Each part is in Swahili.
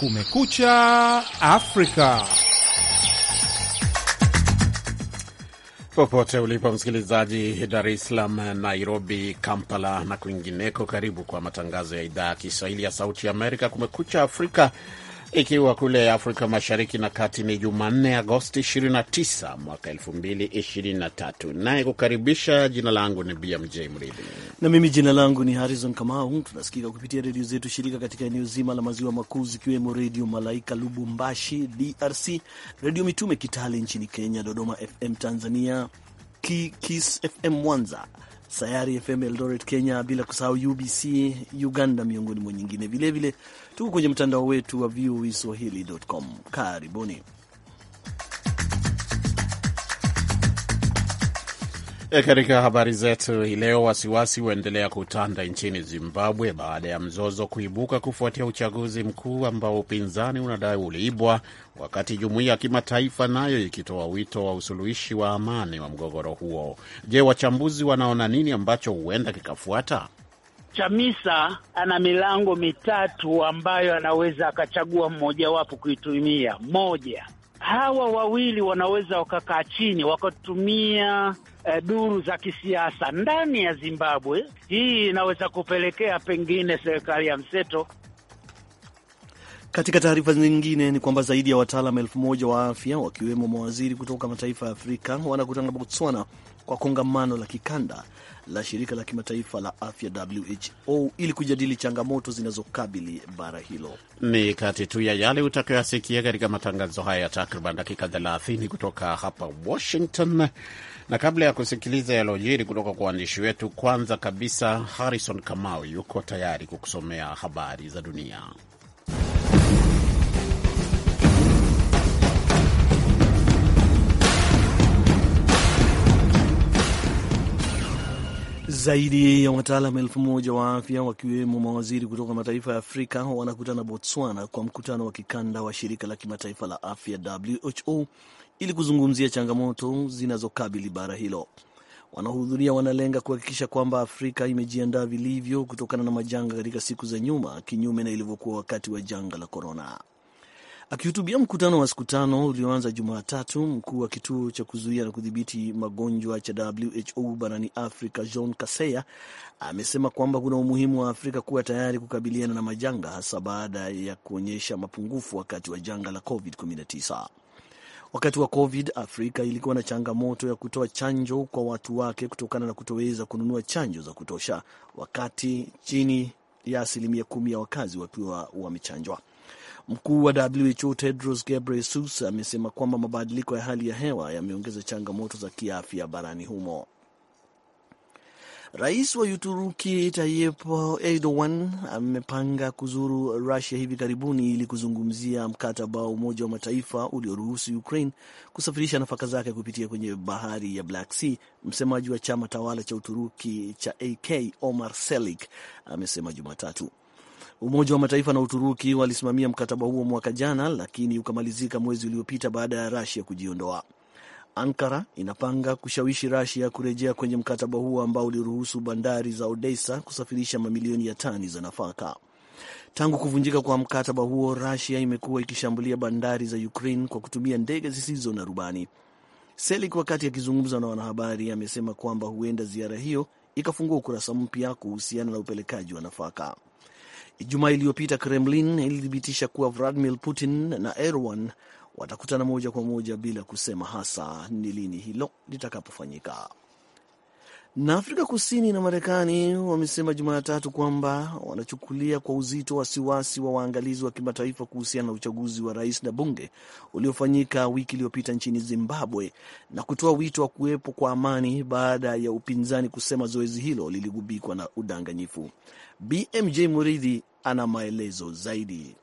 Kumekucha Afrika. Popote ulipo msikilizaji, Dar es Salaam, Nairobi, Kampala na kwingineko, karibu kwa matangazo ya idhaa ya Kiswahili ya Sauti ya Amerika, Kumekucha Afrika ikiwa kule Afrika Mashariki na Kati ni Jumanne, Agosti 29 mwaka 2023. Naye kukaribisha, jina langu ni BMJ Mridhi na mimi jina langu ni Harrison Kamau. Tunasikika kupitia redio zetu shirika katika eneo zima la maziwa makuu, zikiwemo Redio Malaika Lubumbashi DRC, Redio Mitume Kitale nchini Kenya, Dodoma FM Tanzania, Kis FM Mwanza, Sayari FM Eldoret Kenya, bila kusahau UBC Uganda, miongoni mwa nyingine vilevile tu kwenye mtandao wetu wa VOA Swahili.com. Karibuni. E, katika habari zetu hii leo, wasiwasi huendelea kutanda nchini Zimbabwe baada ya mzozo kuibuka kufuatia uchaguzi mkuu ambao upinzani unadai uliibwa, wakati jumuiya ya kimataifa nayo ikitoa wito wa usuluhishi wa amani wa mgogoro huo. Je, wachambuzi wanaona nini ambacho huenda kikafuata? Chamisa ana milango mitatu ambayo anaweza akachagua mmojawapo kuitumia. Moja, hawa wawili wanaweza wakakaa chini wakatumia e, duru za kisiasa ndani ya Zimbabwe. Hii inaweza kupelekea pengine serikali ya mseto. Katika taarifa nyingine ni kwamba zaidi ya wataalam elfu moja wa afya wakiwemo mawaziri kutoka mataifa ya Afrika wanakutana Botswana kwa kongamano la kikanda la shirika la kimataifa la afya WHO ili kujadili changamoto zinazokabili bara hilo. Ni kati tu ya yale utakayoyasikia katika matangazo haya ya takriban dakika 30 kutoka hapa Washington. Na kabla ya kusikiliza yalojiri kutoka kwa waandishi wetu, kwanza kabisa Harrison Kamau yuko tayari kukusomea habari za dunia. Zaidi ya wataalam elfu moja wa afya wakiwemo mawaziri kutoka mataifa ya Afrika wanakutana Botswana kwa mkutano wa kikanda wa shirika la kimataifa la afya WHO ili kuzungumzia changamoto zinazokabili bara hilo. Wanaohudhuria wanalenga kuhakikisha kwamba Afrika imejiandaa vilivyo kutokana na majanga katika siku za nyuma, kinyume na ilivyokuwa wakati wa janga la korona. Akihutubia mkutano wa siku tano ulioanza Jumatatu, mkuu wa kituo cha kuzuia na kudhibiti magonjwa cha WHO barani Afrika John Kaseya amesema kwamba kuna umuhimu wa Afrika kuwa tayari kukabiliana na majanga, hasa baada ya kuonyesha mapungufu wakati wa janga la COVID-19. Wakati wa COVID, Afrika ilikuwa na changamoto ya kutoa chanjo kwa watu wake kutokana na kutoweza kununua chanjo za kutosha, wakati chini ya asilimia kumi ya wakazi wakiwa wamechanjwa. Mkuu wa WHO Tedros Ghebreyesus amesema kwamba mabadiliko ya hali ya hewa yameongeza changamoto za kiafya barani humo. Rais wa Uturuki Tayyip Erdogan amepanga kuzuru Rusia hivi karibuni ili kuzungumzia mkataba wa Umoja wa Mataifa ulioruhusu Ukraine kusafirisha nafaka zake kupitia kwenye bahari ya Black Sea. Msemaji wa chama tawala cha Uturuki cha AK Omar Selik amesema Jumatatu Umoja wa Mataifa na Uturuki walisimamia mkataba huo mwaka jana, lakini ukamalizika mwezi uliopita baada ya Rasia kujiondoa. Ankara inapanga kushawishi Rasia kurejea kwenye mkataba huo ambao uliruhusu bandari za Odessa kusafirisha mamilioni ya tani za nafaka. Tangu kuvunjika kwa mkataba huo, Rasia imekuwa ikishambulia bandari za Ukraine kwa kutumia ndege zisizo na rubani. Selik, wakati akizungumza na wanahabari, amesema kwamba huenda ziara hiyo ikafungua ukurasa mpya kuhusiana na upelekaji wa nafaka. Ijumaa iliyopita Kremlin ilithibitisha kuwa Vladimir Putin na Erdogan watakutana moja kwa moja bila kusema hasa ni lini hilo litakapofanyika. Na Afrika Kusini na Marekani wamesema Jumatatu kwamba wanachukulia kwa uzito wasiwasi wa waangalizi wa kimataifa kuhusiana na uchaguzi wa rais na bunge uliofanyika wiki iliyopita nchini Zimbabwe na kutoa wito wa kuwepo kwa amani baada ya upinzani kusema zoezi hilo liligubikwa na udanganyifu. BMJ Muridhi ana maelezo zaidi.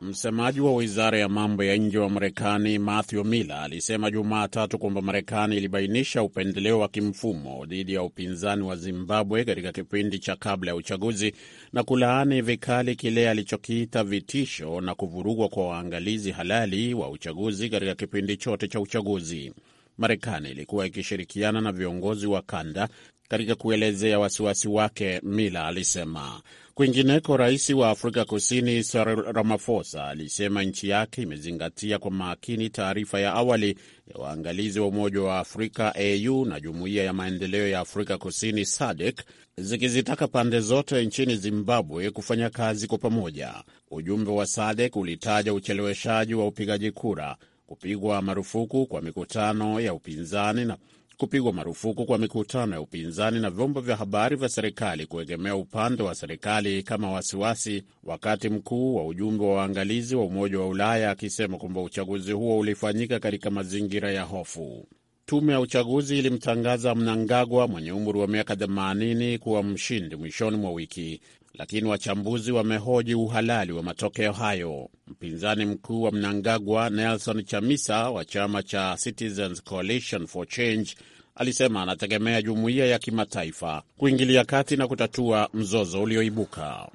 Msemaji wa wizara ya mambo ya nje wa Marekani Matthew Miller alisema Jumatatu kwamba Marekani ilibainisha upendeleo wa kimfumo dhidi ya upinzani wa Zimbabwe katika kipindi cha kabla ya uchaguzi na kulaani vikali kile alichokiita vitisho na kuvurugwa kwa waangalizi halali wa uchaguzi katika kipindi chote cha uchaguzi. Marekani ilikuwa ikishirikiana na viongozi wa kanda katika kuelezea wasiwasi wake, Miller alisema. Kwingineko, rais wa Afrika Kusini Cyril Ramaphosa alisema nchi yake imezingatia kwa makini taarifa ya awali ya waangalizi wa Umoja wa Afrika AU na Jumuiya ya Maendeleo ya Afrika Kusini SADC zikizitaka pande zote nchini Zimbabwe kufanya kazi kwa pamoja. Ujumbe wa SADC ulitaja ucheleweshaji wa upigaji kura, kupigwa marufuku kwa mikutano ya upinzani na kupigwa marufuku kwa mikutano ya upinzani na vyombo vya habari vya serikali kuegemea upande wa serikali kama wasiwasi, wakati mkuu wa ujumbe wa waangalizi wa Umoja wa Ulaya akisema kwamba uchaguzi huo ulifanyika katika mazingira ya hofu. Tume ya uchaguzi ilimtangaza Mnangagwa mwenye umri wa miaka 80 kuwa mshindi mwishoni mwa wiki, lakini wachambuzi wamehoji uhalali wa matokeo hayo. Mpinzani mkuu wa Mnangagwa, Nelson Chamisa wa chama cha Citizens Coalition for Change, alisema anategemea jumuiya ya kimataifa kuingilia kati na kutatua mzozo ulioibuka.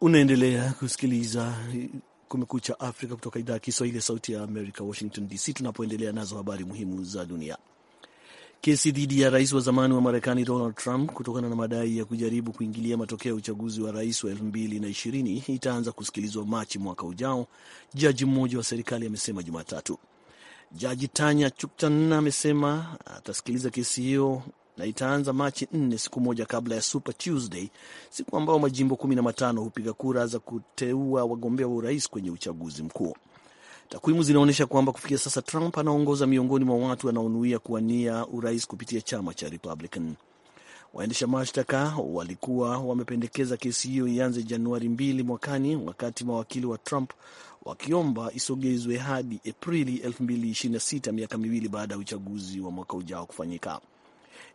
Unaendelea kusikiliza Kumekucha Afrika kutoka idhaa ya Kiswahili ya Sauti ya Amerika, Washington DC, tunapoendelea nazo habari muhimu za dunia. Kesi dhidi ya rais wa zamani wa Marekani Donald Trump kutokana na madai ya kujaribu kuingilia matokeo ya uchaguzi wa rais wa 2020 itaanza kusikilizwa Machi mwaka ujao, jaji mmoja wa serikali amesema Jumatatu. Jaji Tanya Chuktan amesema atasikiliza kesi hiyo na itaanza Machi nne siku moja kabla ya Super Tuesday, siku ambao majimbo kumi na matano hupiga kura za kuteua wagombea wa urais kwenye uchaguzi mkuu. Takwimu zinaonyesha kwamba kufikia sasa Trump anaongoza miongoni mwa watu wanaonuia kuwania urais kupitia chama cha Republican. Waendesha mashtaka walikuwa wamependekeza kesi hiyo ianze Januari mbili mwakani, wakati mawakili wa Trump wakiomba isogezwe hadi Aprili 2026, miaka miwili baada ya uchaguzi wa mwaka ujao kufanyika.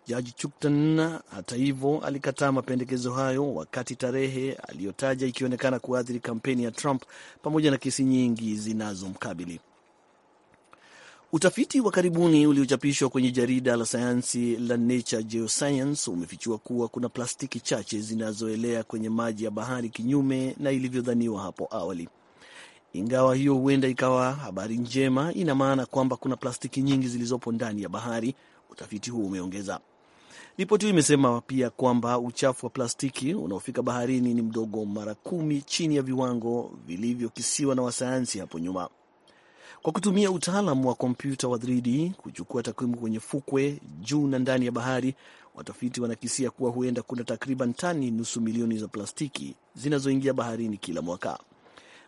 Jaji Chukton hata hivyo alikataa mapendekezo hayo, wakati tarehe aliyotaja ikionekana kuathiri kampeni ya Trump pamoja na kesi nyingi zinazomkabili. Utafiti wa karibuni uliochapishwa kwenye jarida la sayansi la Nature Geoscience umefichua kuwa kuna plastiki chache zinazoelea kwenye maji ya bahari kinyume na ilivyodhaniwa hapo awali. Ingawa hiyo huenda ikawa habari njema, ina maana kwamba kuna plastiki nyingi zilizopo ndani ya bahari, utafiti huo umeongeza. Ripoti hiyo imesema pia kwamba uchafu wa plastiki unaofika baharini ni mdogo mara kumi chini ya viwango vilivyokisiwa na wasayansi hapo nyuma kwa kutumia utaalam wa kompyuta wa 3D kuchukua takwimu kwenye fukwe, juu na ndani ya bahari. Watafiti wanakisia kuwa huenda kuna takriban tani nusu milioni za plastiki zinazoingia baharini kila mwaka.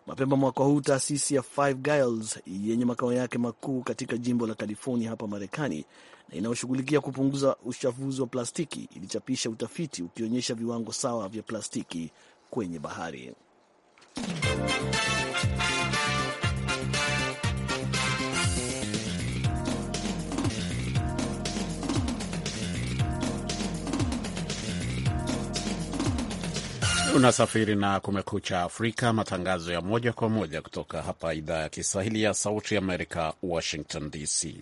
Mapema mwaka huu taasisi ya Five Guys yenye makao yake makuu katika jimbo la California hapa Marekani na inayoshughulikia kupunguza uchafuzi wa plastiki ilichapisha utafiti ukionyesha viwango sawa vya plastiki kwenye bahari. Unasafiri na Kumekucha Afrika, matangazo ya moja kwa moja kutoka hapa idhaa ya Kiswahili ya Sauti Amerika, Washington DC.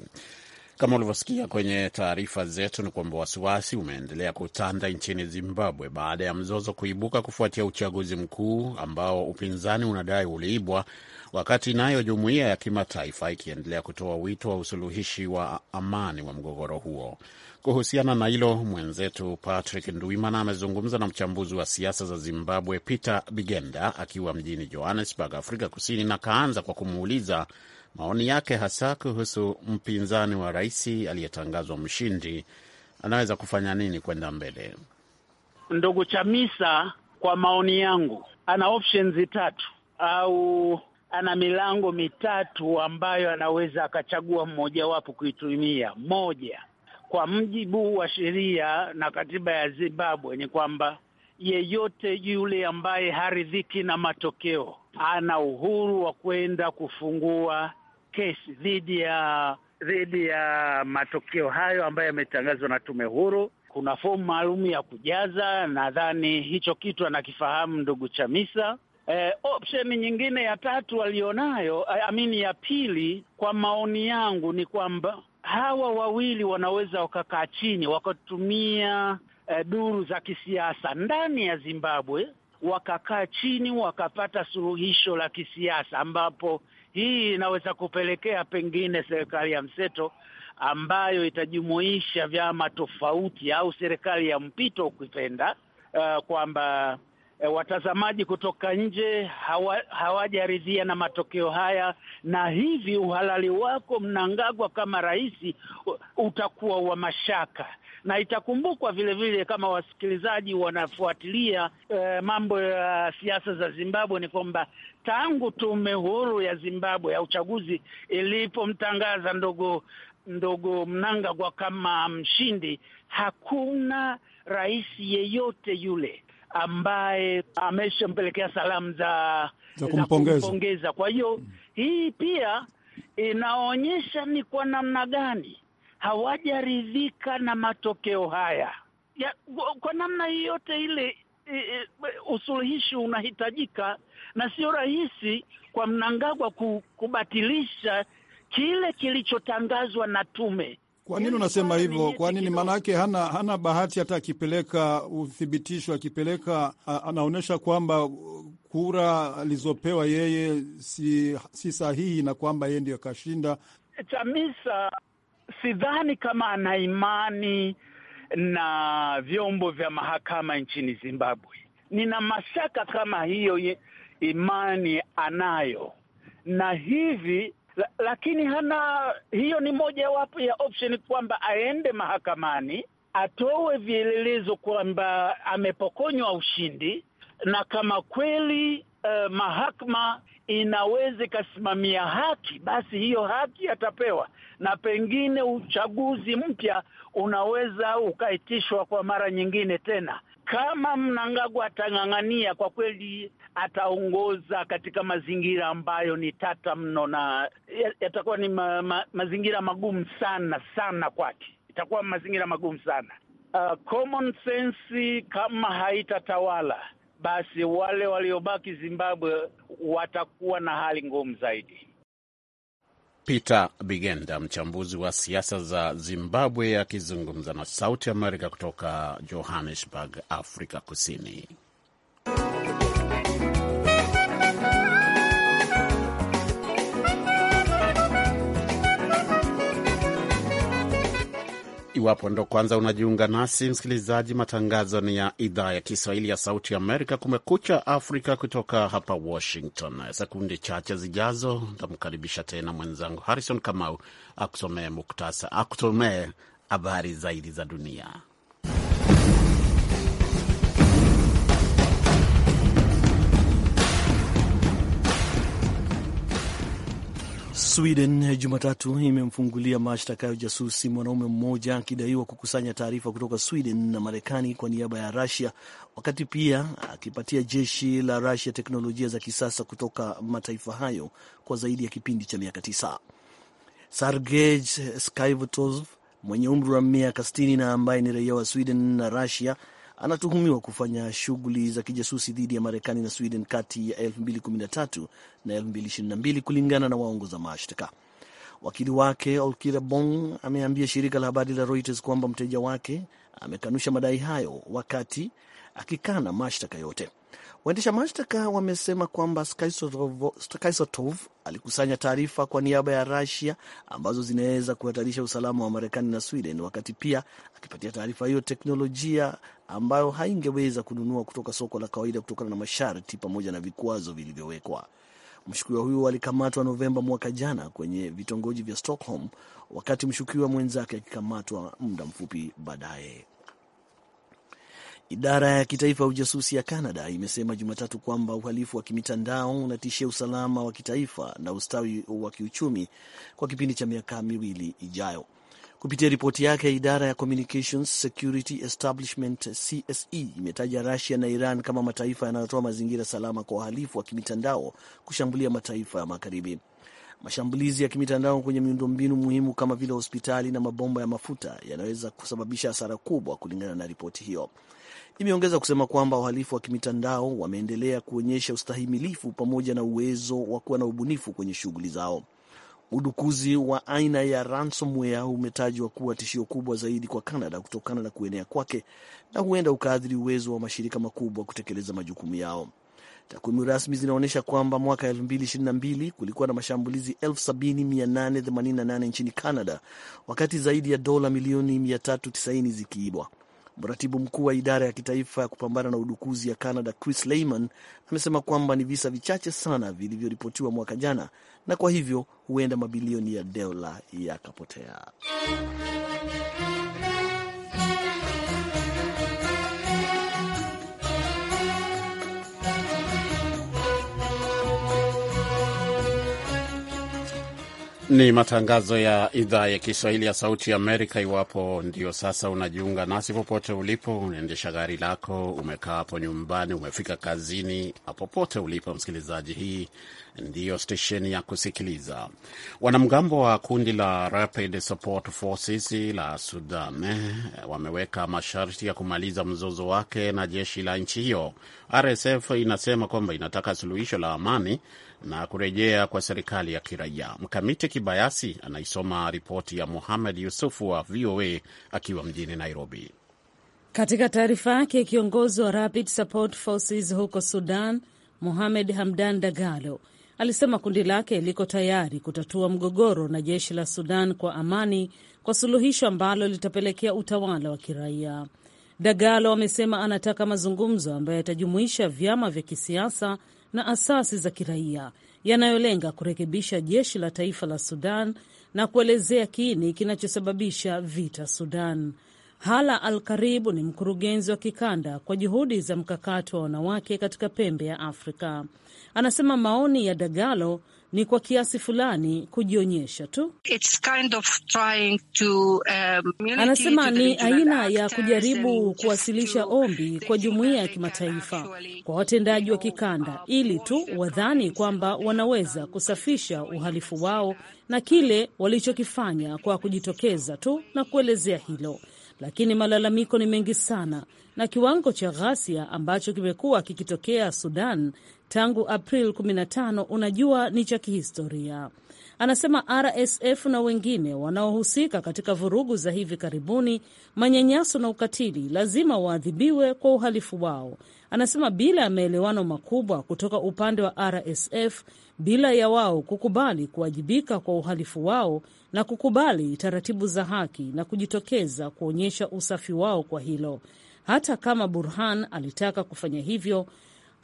Kama ulivyosikia kwenye taarifa zetu, ni kwamba wasiwasi umeendelea kutanda nchini Zimbabwe baada ya mzozo kuibuka kufuatia uchaguzi mkuu ambao upinzani unadai uliibwa, wakati nayo jumuiya ya kimataifa ikiendelea kutoa wito wa usuluhishi wa amani wa mgogoro huo. Kuhusiana na hilo, mwenzetu Patrick Ndwimana amezungumza na mchambuzi wa siasa za Zimbabwe Peter Bigenda akiwa mjini Johannesburg, Afrika Kusini, na kaanza kwa kumuuliza maoni yake hasa kuhusu mpinzani wa rais aliyetangazwa mshindi anaweza kufanya nini kwenda mbele. Ndugu Chamisa, kwa maoni yangu, ana options tatu au ana milango mitatu ambayo anaweza akachagua mmojawapo kuitumia. Moja, kwa mjibu wa sheria na katiba ya Zimbabwe ni kwamba yeyote yule ambaye haridhiki na matokeo ana uhuru wa kwenda kufungua kesi dhidi ya dhidi ya matokeo hayo ambayo yametangazwa na tume huru. Kuna fomu maalum ya kujaza, nadhani hicho kitu anakifahamu ndugu Chamisa. E, option nyingine ya tatu aliyonayo, amini ya pili, kwa maoni yangu ni kwamba hawa wawili wanaweza wakakaa chini wakatumia eh, duru za kisiasa ndani ya Zimbabwe, wakakaa chini wakapata suluhisho la kisiasa, ambapo hii inaweza kupelekea pengine serikali ya mseto ambayo itajumuisha vyama tofauti au serikali ya mpito ukipenda, uh, kwamba e, watazamaji kutoka nje hawa, hawajaridhia na matokeo haya, na hivi uhalali wako Mnangagwa kama rais utakuwa wa mashaka na itakumbukwa vile vile, kama wasikilizaji wanafuatilia e, mambo ya siasa za Zimbabwe, ni kwamba tangu tume huru ya Zimbabwe ya uchaguzi ilipomtangaza ndogo ndogo Mnangagwa kama mshindi, hakuna rais yeyote yule ambaye ameshampelekea salamu za za kumpongeza. Kwa hiyo mm. hii pia inaonyesha ni kwa namna gani hawajaridhika na matokeo haya ya, kwa namna yoyote ile e, usuluhishi unahitajika na sio rahisi kwa Mnangagwa kubatilisha kile kilichotangazwa na tume kwa nini unasema yaani hivyo? Kwa nini? yake hana, hana bahati hata akipeleka uthibitisho, akipeleka anaonyesha kwamba kura alizopewa yeye si, si sahihi na kwamba yeye ndio akashinda. Chamisa sidhani kama ana imani na vyombo vya mahakama nchini Zimbabwe. Nina mashaka kama hiyo imani anayo, na hivi la, lakini hana hiyo. Ni moja wapo ya option kwamba aende mahakamani atoe vielelezo kwamba amepokonywa ushindi, na kama kweli uh, mahakama inaweza ikasimamia haki, basi hiyo haki atapewa, na pengine uchaguzi mpya unaweza ukaitishwa kwa mara nyingine tena, kama Mnangagwa atang'ang'ania, kwa kweli ataongoza katika mazingira ambayo ni tata mno, na yatakuwa ni ma, ma, mazingira magumu sana sana kwake, itakuwa mazingira magumu sana. Uh, common sense kama haitatawala basi wale waliobaki Zimbabwe watakuwa na hali ngumu zaidi. Peter Bigenda, mchambuzi wa siasa za Zimbabwe, akizungumza na Sauti Amerika kutoka Johannesburg, Afrika Kusini. Iwapo ndo kwanza unajiunga nasi, msikilizaji, matangazo ni ya idhaa ya Kiswahili ya Sauti Amerika, Kumekucha Afrika, kutoka hapa Washington. Sekundi chache zijazo ntamkaribisha tena mwenzangu Harrison Kamau akusomee muktasa, akusomee habari zaidi za dunia. Sweden Jumatatu imemfungulia mashtaka ya ujasusi mwanaume mmoja akidaiwa kukusanya taarifa kutoka Sweden na Marekani kwa niaba ya rasia wakati pia akipatia jeshi la rasia teknolojia za kisasa kutoka mataifa hayo kwa zaidi ya kipindi cha miaka tisa. Sergej skyvtov mwenye umri wa miaka sitini na ambaye ni raia wa Sweden na Russia anatuhumiwa kufanya shughuli za kijasusi dhidi ya Marekani na Sweden kati ya 2013 na 2022 kulingana na waongoza mashtaka. Wakili wake Olkira Bong ameambia shirika la habari la Reuters kwamba mteja wake amekanusha madai hayo wakati akikana mashtaka yote. Waendesha mashtaka wamesema kwamba Skaisotov alikusanya taarifa kwa niaba ya Rusia ambazo zinaweza kuhatarisha usalama wa Marekani na Sweden, wakati pia akipatia taarifa hiyo teknolojia ambayo haingeweza kununua kutoka soko la kawaida kutokana na masharti pamoja na vikwazo vilivyowekwa. Mshukiwa huyo alikamatwa Novemba mwaka jana kwenye vitongoji vya Stockholm, wakati mshukiwa mwenzake akikamatwa muda mfupi baadaye. Idara ya kitaifa ya ujasusi ya Canada imesema Jumatatu kwamba uhalifu wa kimitandao unatishia usalama wa kitaifa na ustawi wa kiuchumi kwa kipindi cha miaka miwili ijayo. Kupitia ripoti yake, idara ya Communications Security Establishment CSE imetaja Russia na Iran kama mataifa yanayotoa mazingira salama kwa wahalifu wa kimitandao kushambulia mataifa ya Magharibi. Mashambulizi ya kimitandao kwenye miundombinu muhimu kama vile hospitali na mabomba ya mafuta yanaweza kusababisha hasara kubwa, kulingana na ripoti hiyo. Imeongeza kusema kwamba wahalifu wa kimitandao wameendelea kuonyesha ustahimilifu pamoja na uwezo wa kuwa na ubunifu kwenye shughuli zao. Udukuzi wa aina ya ransomware umetajwa kuwa tishio kubwa zaidi kwa Canada kutokana na kuenea kwake na huenda ukaathiri uwezo wa mashirika makubwa kutekeleza majukumu yao. Takwimu rasmi zinaonyesha kwamba mwaka 2022 kulikuwa na mashambulizi 70888 nchini Canada, wakati zaidi ya dola milioni 390 zikiibwa. Mratibu mkuu wa idara ya kitaifa ya kupambana na udukuzi ya Canada, Chris leyman amesema kwamba ni visa vichache sana vilivyoripotiwa mwaka jana, na kwa hivyo huenda mabilioni ya dola yakapotea. Ni matangazo ya idhaa ya Kiswahili ya Sauti Amerika. Iwapo ndio sasa unajiunga nasi, popote ulipo, unaendesha gari lako, umekaa hapo nyumbani, umefika kazini, popote ulipo msikilizaji, hii ndiyo stesheni ya kusikiliza. Wanamgambo wa kundi la Rapid Support Forces la Sudan eh, wameweka masharti ya kumaliza mzozo wake na jeshi la nchi hiyo. RSF inasema kwamba inataka suluhisho la amani na kurejea kwa serikali ya kiraia. Mkamiti Kibayasi anaisoma ripoti ya Muhamed Yusufu wa VOA akiwa mjini Nairobi. Katika taarifa yake, kiongozi wa Rapid Support Forces huko Sudan, muhamed Hamdan Dagalo alisema kundi lake liko tayari kutatua mgogoro na jeshi la Sudan kwa amani, kwa suluhisho ambalo litapelekea utawala wa kiraia. Dagalo amesema anataka mazungumzo ambayo yatajumuisha vyama vya kisiasa na asasi za kiraia yanayolenga kurekebisha jeshi la taifa la Sudan na kuelezea kiini kinachosababisha vita Sudan. Hala Al Karibu ni mkurugenzi wa kikanda kwa juhudi za mkakati wa wanawake katika pembe ya Afrika. Anasema maoni ya Dagalo ni kwa kiasi fulani kujionyesha tu. It's kind of trying to, um, anasema ni aina ya kujaribu kuwasilisha ombi kwa jumuiya ya kimataifa, kwa watendaji wa kikanda, ili tu wadhani kwamba wanaweza um, kusafisha uhalifu wao um, na kile walichokifanya kwa kujitokeza tu na kuelezea hilo. Lakini malalamiko ni mengi sana na kiwango cha ghasia ambacho kimekuwa kikitokea Sudan tangu April 15 unajua ni cha kihistoria, anasema RSF na wengine wanaohusika katika vurugu za hivi karibuni, manyanyaso na ukatili lazima waadhibiwe kwa uhalifu wao. Anasema bila ya maelewano makubwa kutoka upande wa RSF, bila ya wao kukubali kuwajibika kwa uhalifu wao na kukubali taratibu za haki na kujitokeza kuonyesha usafi wao kwa hilo, hata kama Burhan alitaka kufanya hivyo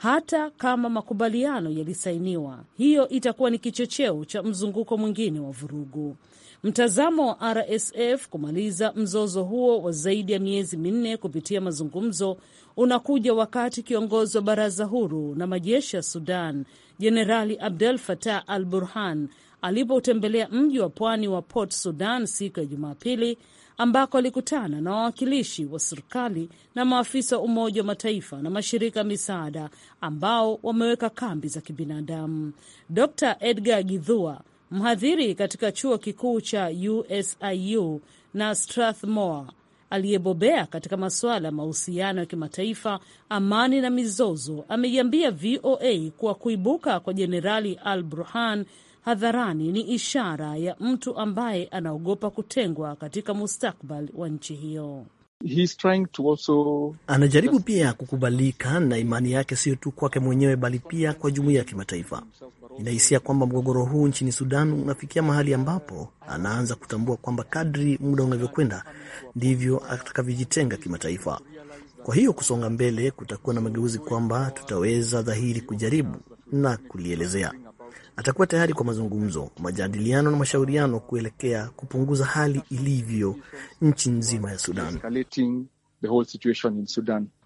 hata kama makubaliano yalisainiwa. Hiyo itakuwa ni kichocheo cha mzunguko mwingine wa vurugu. Mtazamo wa RSF kumaliza mzozo huo wa zaidi ya miezi minne kupitia mazungumzo unakuja wakati kiongozi wa baraza huru na majeshi ya Sudan Jenerali Abdel Fattah al Burhan alipotembelea mji wa pwani wa Port Sudan siku ya Jumapili ambako alikutana na wawakilishi wa serikali na maafisa wa Umoja wa Mataifa na mashirika ya misaada ambao wameweka kambi za kibinadamu. Dr Edgar gidhua mhadhiri katika chuo kikuu cha USIU na Strathmore, aliyebobea katika masuala ya mahusiano ya kimataifa, amani na mizozo, ameiambia VOA kuwa kuibuka kwa Jenerali Al Burhan hadharani ni ishara ya mtu ambaye anaogopa kutengwa katika mustakbal wa nchi hiyo. Also... anajaribu pia kukubalika na imani yake, sio tu kwake mwenyewe bali pia kwa jumuiya ya kimataifa. Inahisia kwamba mgogoro huu nchini Sudan unafikia mahali ambapo anaanza kutambua kwamba kadri muda unavyokwenda ndivyo atakavyojitenga kimataifa. Kwa hiyo kusonga mbele kutakuwa na mageuzi, kwamba tutaweza dhahiri kujaribu na kulielezea atakuwa tayari kwa mazungumzo, majadiliano na mashauriano kuelekea kupunguza hali ilivyo nchi nzima ya Sudan.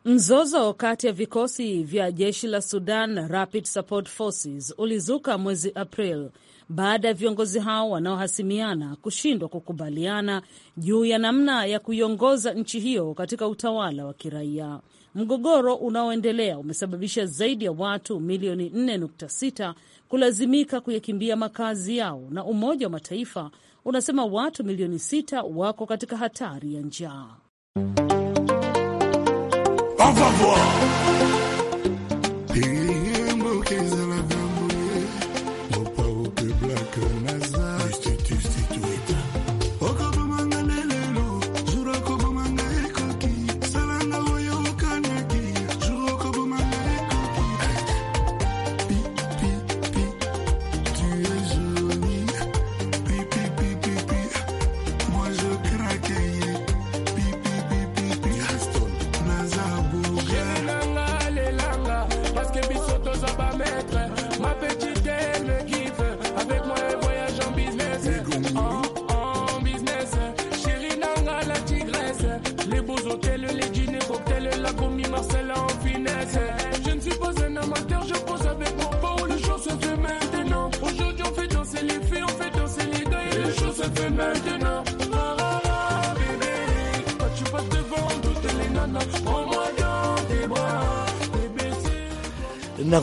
Mzozo kati ya vikosi vya jeshi la Sudan Rapid Support Forces ulizuka mwezi April baada ya viongozi hao wanaohasimiana kushindwa kukubaliana juu ya namna ya kuiongoza nchi hiyo katika utawala wa kiraia. Mgogoro unaoendelea umesababisha zaidi ya watu milioni 4.6 kulazimika kuyakimbia makazi yao, na Umoja wa Mataifa unasema watu milioni 6 wako katika hatari ya njaa.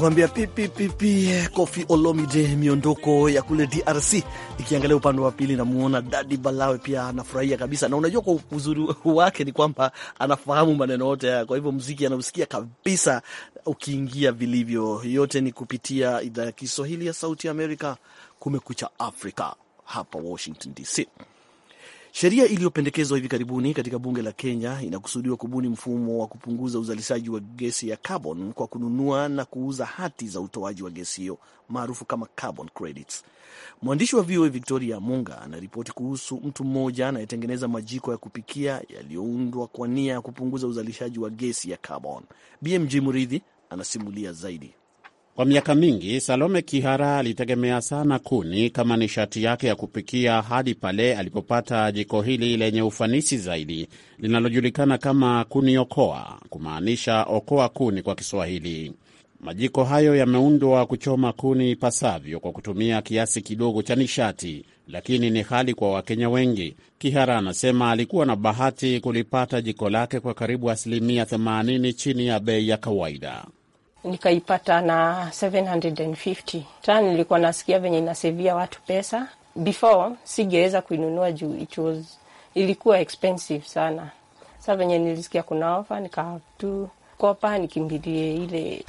anakuambia pipipipi eh, Kofi Olomide, miondoko ya kule DRC. Ikiangalia upande wa pili, namuona Dadi Balawe pia anafurahia kabisa, na unajua kwa uzuri wake ni kwamba anafahamu maneno yote haya, kwa hivyo mziki anausikia kabisa ukiingia vilivyo. Yote ni kupitia idhaa ya Kiswahili ya Sauti ya Amerika, Kumekucha Afrika hapa Washington DC. Sheria iliyopendekezwa hivi karibuni katika bunge la Kenya inakusudiwa kubuni mfumo wa kupunguza uzalishaji wa gesi ya carbon kwa kununua na kuuza hati za utoaji wa gesi hiyo maarufu kama carbon credits. Mwandishi wa VOA Victoria Munga anaripoti kuhusu mtu mmoja anayetengeneza majiko ya kupikia yaliyoundwa kwa nia ya kupunguza uzalishaji wa gesi ya carbon. BMG Muridhi anasimulia zaidi. Kwa miaka mingi Salome Kihara alitegemea sana kuni kama nishati yake ya kupikia hadi pale alipopata jiko hili lenye ufanisi zaidi linalojulikana kama kuni okoa, kumaanisha okoa kuni kwa Kiswahili. Majiko hayo yameundwa kuchoma kuni ipasavyo kwa kutumia kiasi kidogo cha nishati, lakini ni hali kwa Wakenya wengi. Kihara anasema alikuwa na bahati kulipata jiko lake kwa karibu asilimia 80 chini ya bei ya kawaida nikaipata na 750 ta. Nilikuwa nasikia venye inasevia watu pesa, before singeweza kuinunua juu it was, ilikuwa expensive sana. Sa venye nilisikia kuna ofa, nikatu kopa nikimbilie ile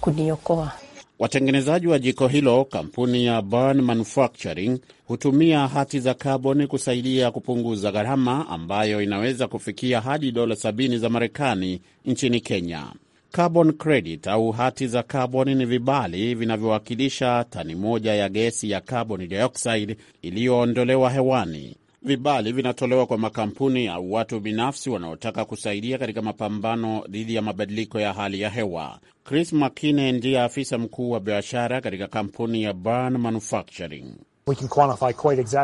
kuniokoa. Watengenezaji wa jiko hilo, kampuni ya Burn Manufacturing, hutumia hati za kaboni kusaidia kupunguza gharama ambayo inaweza kufikia hadi dola 70 za Marekani nchini Kenya. Carbon credit au hati za kaboni ni vibali vinavyowakilisha tani moja ya gesi ya carbon dioxide iliyoondolewa hewani. Vibali vinatolewa kwa makampuni au watu binafsi wanaotaka kusaidia katika mapambano dhidi ya mabadiliko ya hali ya hewa. Chris Makine ndiye afisa mkuu wa biashara katika kampuni ya Burn Manufacturing.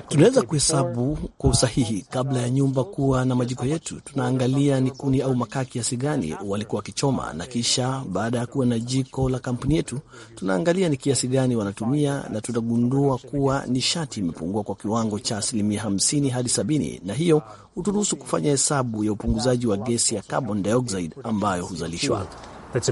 Tunaweza kuhesabu kwa usahihi. Kabla ya nyumba kuwa na majiko yetu, tunaangalia ni kuni au makaa kiasi gani walikuwa wakichoma, na kisha baada ya kuwa na jiko la kampuni yetu, tunaangalia ni kiasi gani wanatumia, na tutagundua kuwa nishati imepungua kwa kiwango cha asilimia 50 hadi sabini, na hiyo huturuhusu kufanya hesabu ya upunguzaji wa gesi ya carbon dioxide ambayo huzalishwa That's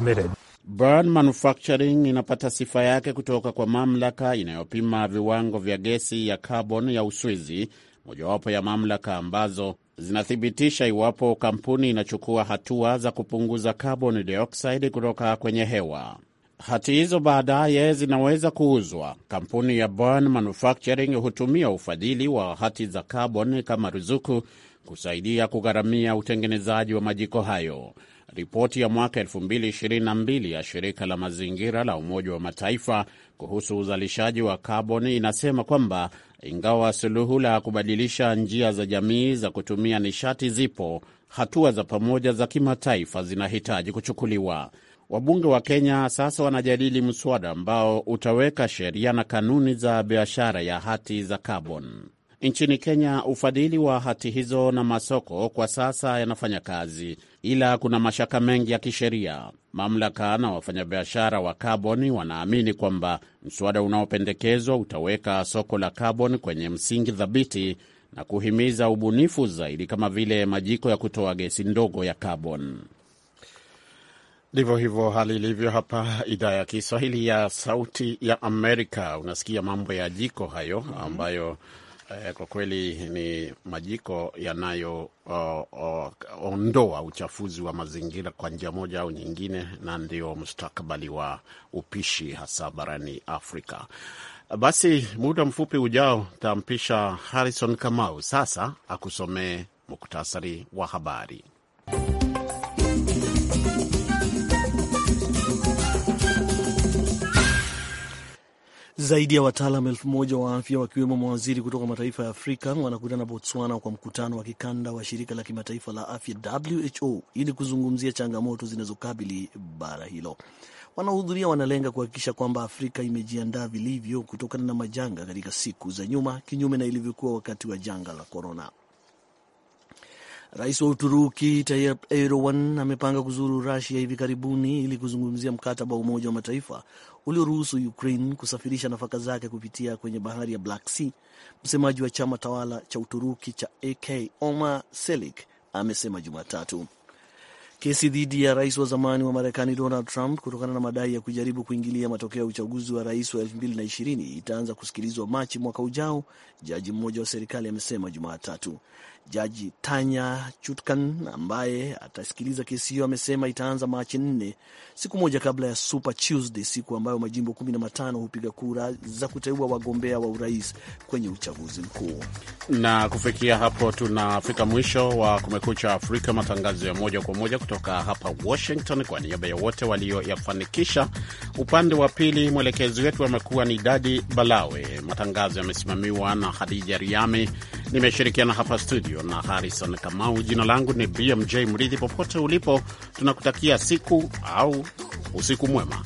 Burn Manufacturing inapata sifa yake kutoka kwa mamlaka inayopima viwango vya gesi ya carbon ya Uswizi, mojawapo ya mamlaka ambazo zinathibitisha iwapo kampuni inachukua hatua za kupunguza carbon dioxide kutoka kwenye hewa hati hizo baadaye zinaweza kuuzwa. Kampuni ya Bond Manufacturing hutumia ufadhili wa hati za carbon kama ruzuku kusaidia kugharamia utengenezaji wa majiko hayo. Ripoti ya mwaka 2022 ya shirika la mazingira la Umoja wa Mataifa kuhusu uzalishaji wa kaboni inasema kwamba ingawa suluhu la kubadilisha njia za jamii za kutumia nishati zipo, hatua za pamoja za kimataifa zinahitaji kuchukuliwa. Wabunge wa Kenya sasa wanajadili mswada ambao utaweka sheria na kanuni za biashara ya hati za carbon. Nchini Kenya, ufadhili wa hati hizo na masoko kwa sasa yanafanya kazi, ila kuna mashaka mengi ya kisheria. Mamlaka na wafanyabiashara wa kaboni wanaamini kwamba mswada unaopendekezwa utaweka soko la kaboni kwenye msingi thabiti na kuhimiza ubunifu zaidi kama vile majiko ya kutoa gesi ndogo ya kaboni. Ndivyo hivyo hali ilivyo hapa idhaa ya Kiswahili ya Sauti ya Amerika. Unasikia mambo ya jiko hayo mhm. ambayo eh, kwa kweli ni majiko yanayoondoa oh, oh, uchafuzi wa mazingira kwa njia moja au nyingine, na ndio mustakabali wa upishi hasa barani Afrika. Basi muda mfupi ujao tampisha Harrison Kamau sasa akusomee muktasari wa habari. Zaidi ya wataalam elfu moja wa afya wakiwemo mawaziri kutoka mataifa ya Afrika wanakutana Botswana kwa mkutano wa kikanda wa shirika la kimataifa la afya WHO ili kuzungumzia changamoto zinazokabili bara hilo. Wanaohudhuria wanalenga kuhakikisha kwamba Afrika imejiandaa vilivyo kutokana na majanga katika siku za nyuma, kinyume na ilivyokuwa wakati wa janga la korona. Rais wa Uturuki Tayyip Erdogan amepanga kuzuru Rusia hivi karibuni ili kuzungumzia mkataba wa Umoja wa Mataifa ulioruhusu Ukraine kusafirisha nafaka zake kupitia kwenye bahari ya Black Sea. Msemaji wa chama tawala cha Uturuki cha AK Omar Selik amesema Jumatatu. Kesi dhidi ya rais wa zamani wa Marekani Donald Trump kutokana na madai ya kujaribu kuingilia matokeo ya uchaguzi wa rais wa 2020 itaanza kusikilizwa Machi mwaka ujao, jaji mmoja wa serikali amesema Jumatatu. Jaji Tanya Chutkan ambaye atasikiliza kesi hiyo amesema itaanza Machi nne, siku moja kabla ya Super Tuesday, siku ambayo majimbo matano hupiga kura za kuteua wagombea wa urais kwenye uchaguzi mkuu. Na kufikia hapo tunafika mwisho wa Kumekucha Afrika, matangazo ya moja kwa moja kutoka hapa Washington. Kwa niaba ya wote walioyafanikisha, upande wa pili mwelekezi wetu amekuwa ni Dadi Balawe. Matangazo yamesimamiwa na hadija Riami, nimeshirikiana hapa studio studio na Harrison Kamau. Jina langu ni BMJ Mridhi. Popote ulipo, tunakutakia siku au usiku mwema.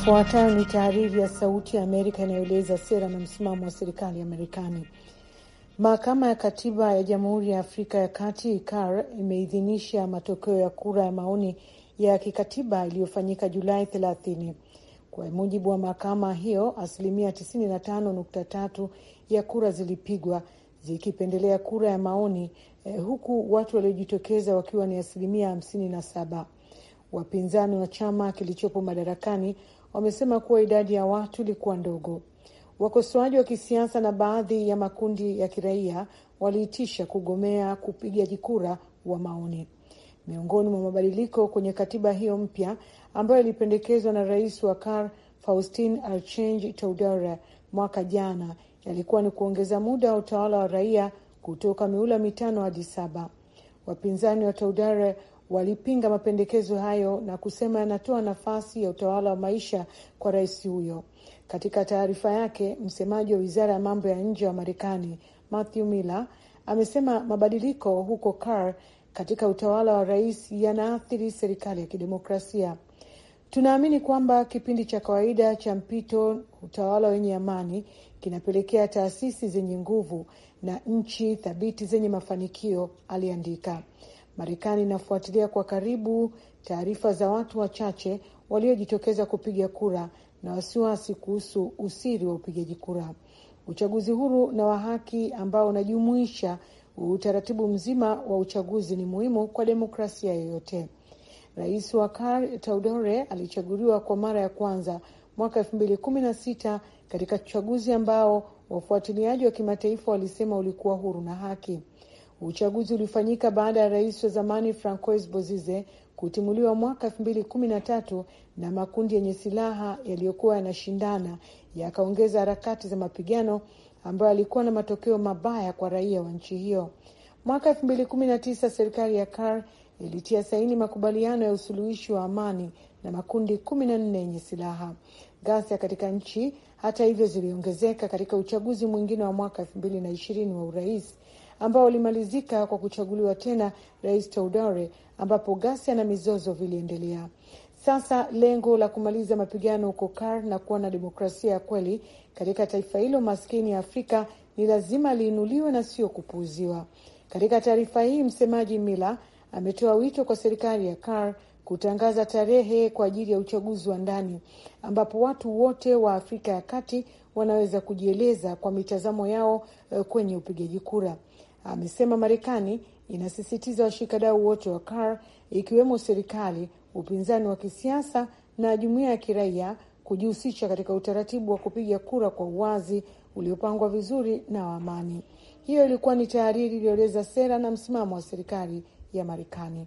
Ifuatayo ni tahariri ya Sauti ya Amerika inayoeleza sera na msimamo wa serikali ya Marekani. Mahakama ya Katiba ya Jamhuri ya Afrika ya Kati CAR imeidhinisha matokeo ya kura ya maoni ya kikatiba iliyofanyika Julai 30. Kwa mujibu wa mahakama hiyo, asilimia 95.3 ya kura zilipigwa zikipendelea kura ya maoni eh, huku watu waliojitokeza wakiwa ni asilimia 57. Wapinzani wa chama kilichopo madarakani wamesema kuwa idadi ya watu ilikuwa ndogo. Wakosoaji wa kisiasa na baadhi ya makundi ya kiraia waliitisha kugomea kupigaji kura wa maoni. Miongoni mwa mabadiliko kwenye katiba hiyo mpya ambayo ilipendekezwa na rais wa CAR Faustin Archange Touadera mwaka jana yalikuwa ni kuongeza muda wa utawala wa raia kutoka miula mitano hadi saba. Wapinzani wa Touadera walipinga mapendekezo hayo na kusema yanatoa nafasi ya utawala wa maisha kwa rais huyo. Katika taarifa yake, msemaji wa wizara ya mambo ya nje wa Marekani Matthew Miller amesema mabadiliko huko CAR katika utawala wa rais yanaathiri serikali ya kidemokrasia. Tunaamini kwamba kipindi cha kawaida cha mpito, utawala wenye amani, kinapelekea taasisi zenye nguvu na nchi thabiti zenye mafanikio, aliandika. Marekani inafuatilia kwa karibu taarifa za watu wachache waliojitokeza kupiga kura na wasiwasi kuhusu usiri wa upigaji kura. Uchaguzi huru na wa haki ambao unajumuisha utaratibu mzima wa uchaguzi ni muhimu kwa demokrasia yoyote. Rais wa Kar Taudore alichaguliwa kwa mara ya kwanza mwaka elfu mbili kumi na sita katika uchaguzi ambao wafuatiliaji wa kimataifa walisema ulikuwa huru na haki. Uchaguzi ulifanyika baada ya rais wa zamani Francois Bozize kutimuliwa mwaka elfu mbili kumi na tatu na makundi yenye silaha yaliyokuwa yanashindana yakaongeza harakati za mapigano ambayo yalikuwa na matokeo mabaya kwa raia wa nchi hiyo. Mwaka elfu mbili kumi na tisa serikali ya car ilitia saini makubaliano ya usuluhishi wa amani na makundi kumi na nne yenye silaha. Ghasia katika nchi hata hivyo ziliongezeka katika uchaguzi mwingine wa mwaka elfu mbili na ishirini wa urais ambao ulimalizika kwa kuchaguliwa tena Rais Toudare, ambapo ghasia na mizozo viliendelea. Sasa lengo la kumaliza mapigano huko Kar na kuwa na demokrasia ya kweli katika taifa hilo maskini ya Afrika ni lazima liinuliwe na sio kupuuziwa. Katika taarifa hii, msemaji Mila ametoa wito kwa serikali ya CAR kutangaza tarehe kwa ajili ya uchaguzi wa ndani ambapo watu wote wa Afrika ya Kati wanaweza kujieleza kwa mitazamo yao eh, kwenye upigaji kura amesema Marekani inasisitiza washikadau wote wa CAR ikiwemo serikali, upinzani wa kisiasa na jumuiya ya kiraia kujihusisha katika utaratibu wa kupiga kura kwa uwazi uliopangwa vizuri na wa amani. Hiyo ilikuwa ni tahariri iliyoeleza sera na msimamo wa serikali ya Marekani.